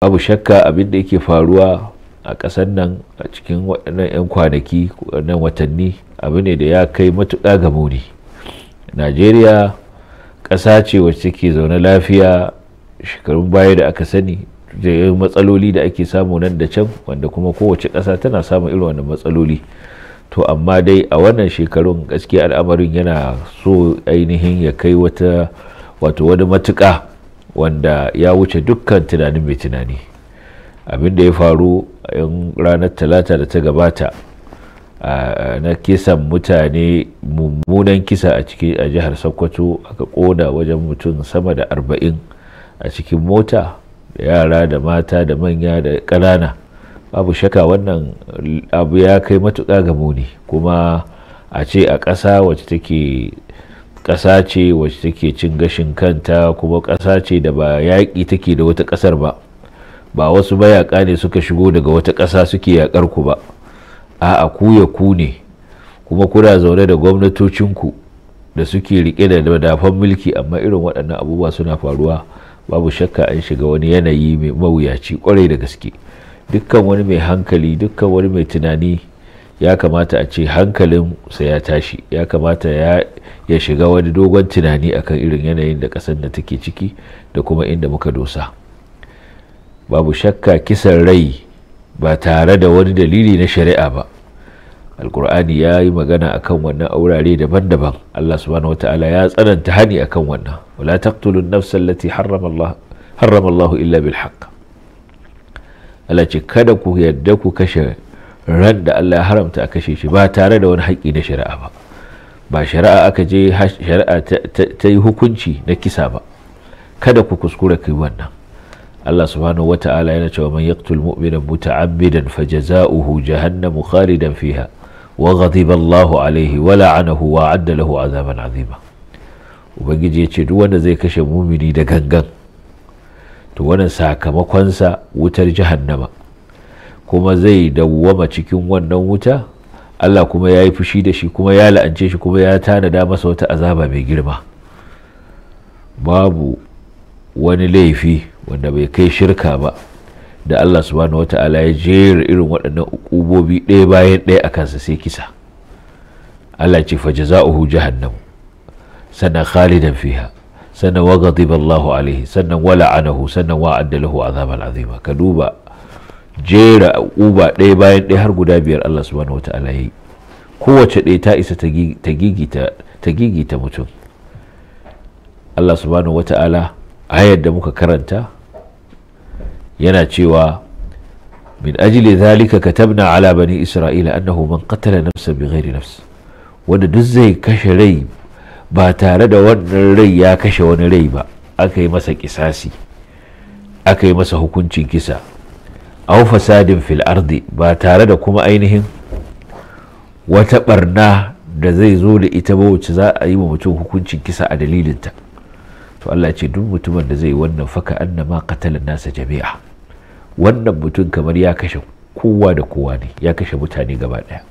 babu shakka abin da yake faruwa a ƙasar nan a cikin waɗannan 'yan kwanaki waɗannan watanni abu ne da ya kai matuƙa ga muni najeriya ƙasa ce wacce take zaune lafiya shekarun baya da aka sani da matsaloli da ake samu nan da can wanda kuma kowace ƙasa tana samun irin wannan matsaloli to amma dai a wannan shekarun gaskiya al'amarin yana so ainihin ya kai wata wato wani matuƙa wanda ya wuce dukkan tunanin mai tunani abin da ya faru yan ranar talata da ta gabata na kisan mutane mummunan kisa a cikin a jihar sokoto aka koda wajen mutum sama da arba'in a cikin mota da yara da mata da manya da ƙanana babu shaka wannan abu ya kai matuƙa ga muni kuma a ce a ƙasa wacce take ƙasa ce wacce take cin gashin kanta kuma ƙasa ce da ba yaƙi take da wata ƙasar ba ba wasu mayaƙa ne suka shigo daga wata ƙasa suke yaƙar ku ba a'a ku ya ku ne kuma kuna zaune da gwamnatocinku da suke riƙe da madafan mulki amma irin waɗannan abubuwa suna faruwa babu shakka an shiga wani yanayi mai mawuyaci kwarai da gaske dukkan wani mai hankali dukkan wani mai tunani ya kamata a ce hankalin sa ya tashi ya kamata ya shiga wani dogon tunani akan irin yanayin da ƙasar da take ciki da kuma inda muka dosa babu shakka kisan rai ba tare da wani dalili na shari'a ba alkur'ani ya yi magana akan wannan a wurare daban-daban allah subhanahu Ta'ala ya tsananta hani akan wannan wala taqtulun nafsan lati harrama allah illa bil haqq Allah ce kada ku yadda ku kashe ran da Allah ya haramta a kashe shi ba tare da wani haƙƙi na shari'a ba ba shari'a aka je shari'a ta yi hukunci na kisa ba kada ku kuskura kai wannan Allah subhanahu wata'ala yana cewa man yaqtul mu'mina muta'ammidan fajaza'uhu jahannamu khalidan fiha wa ghadiba Allahu alaihi wa la'anahu wa 'adda lahu 'azaban 'azima ubangiji ya ce duk wanda zai kashe mumini da gangan to wannan sakamakonsa wutar jahannama kuma zai dawwama cikin wannan wuta Allah kuma ya yi fushi da shi kuma ya la'ance shi kuma ya tanada masa wata azaba mai girma babu wani laifi wanda bai kai shirka ba da Allah subhanahu wata'ala ya jera irin waɗannan ƙubobi ɗaya bayan ɗaya a kansa sai kisa Allah ce fa jaza'uhu jahannamu sannan khalidan fiha sannan wa ghadiba Allahu alaihi sannan wala'anahu sannan wa'adda lahu azaban azima ka duba jera uba ɗaya bayan ɗaya har guda biyar Allah subhanahu wata'ala ya yi kowace ɗaya ta isa ta gigita mutum Allah subhanahu wata'ala ayar da muka karanta yana cewa min ajili zalika katabna ala bani isra'ila annahu man qatala nafsa bi ghairi nafs wanda duk zai kashe rai ba tare da wannan rai ya kashe wani rai ba aka yi masa kisasi aka yi masa hukuncin kisa aw fasadin fil ardi ba tare da kuma ainihin wata barna da zai zo da ita ba wacce za a yi wa mutum hukuncin kisa a dalilinta to Allah ce duk mutumin da zai wannan faka annama qatala nasa jami'a wannan mutum kamar ya kashe kowa da kowa ne ya kashe mutane gaba daya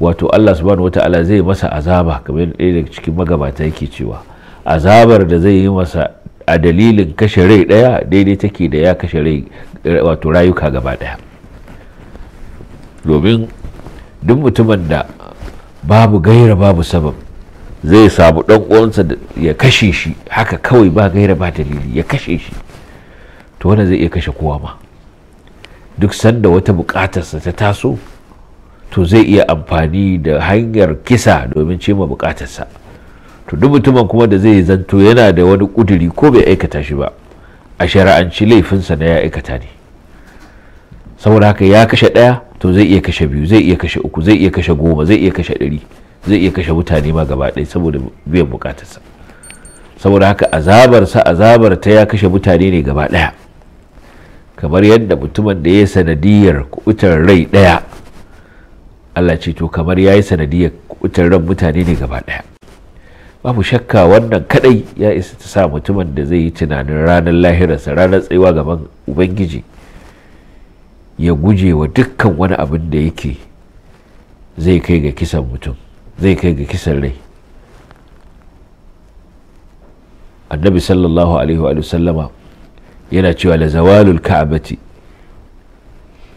wato Allah subhanahu wata'ala zai masa azaba kamar da daga cikin magabata yake cewa azabar da zai yi masa a dalilin kashe rai ɗaya daidai take da ya kashe rai wato rayuka gaba daya domin duk mutumin da babu gaira babu sabab zai samu dan uwansa ya kashe shi haka kawai ba gaira ba dalili ya kashe shi to wannan zai iya kashe kowa ma duk sanda wata bukatarsa ta taso to zai iya amfani da hanyar kisa domin cima bukatarsa to duk mutumin kuma da zai zanto yana da wani kuduri ko bai aikata shi ba a shari'anci laifinsa na ya aikata ne saboda haka ya kashe ɗaya to zai iya kashe biyu zai iya kashe uku zai iya kashe goma zai iya kashe ɗari zai iya kashe mutane ma gaba ɗaya saboda biyan bukatarsa saboda haka azabarsa azabar ta ya kashe mutane ne gaba ɗaya kamar yadda mutumin da ya yi sanadiyar kutar rai ɗaya Allah ce to kamar ya yi sanadiyar kutar ran mutane ne gaba ɗaya babu shakka wannan kadai ya isa ta sa mutumin da zai yi tunanin ranar lahirarsa ranar tsayuwa gaban ubangiji ya guje wa dukkan wani abin da yake zai kai ga kisan mutum zai kai ga kisan rai annabi sallallahu alaihi wa sallama yana cewa la zawalul ka'abati,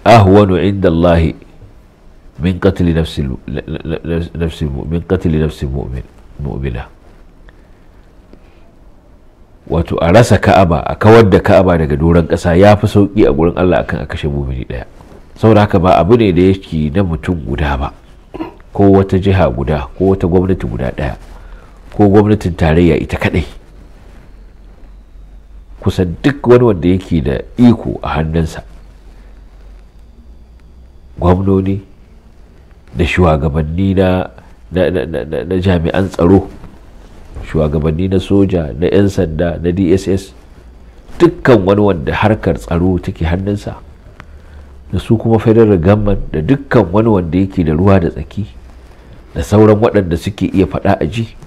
ahwanu inda allahi min min qatli nafsi mu'min mu'mina wato a rasa ka'aba a kawar da ka'aba daga doron ƙasa ya fi sauƙi a gurin Allah akan a kashe mumini ɗaya saboda haka ba abu ne da yake na mutum guda ba ko wata jiha guda ko wata gwamnati guda ɗaya ko gwamnatin tarayya ita kaɗai kusan duk wani wanda yake da iko a hannunsa gwamnoni da shugabanni na na jami'an tsaro shugabanni na soja na 'yan sanda na dss dukkan wani wanda harkar tsaro take hannunsa da su kuma federal government da dukkan wani wanda yake da ruwa da tsaki da sauran waɗanda suke iya faɗa a ji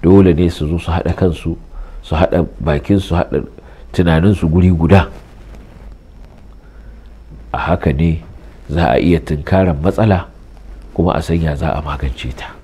dole ne su zo su haɗa kansu su haɗa bakin su haɗa tunaninsu guri guda a haka ne za a iya tunkarar matsala kuma a sanya za a magance ta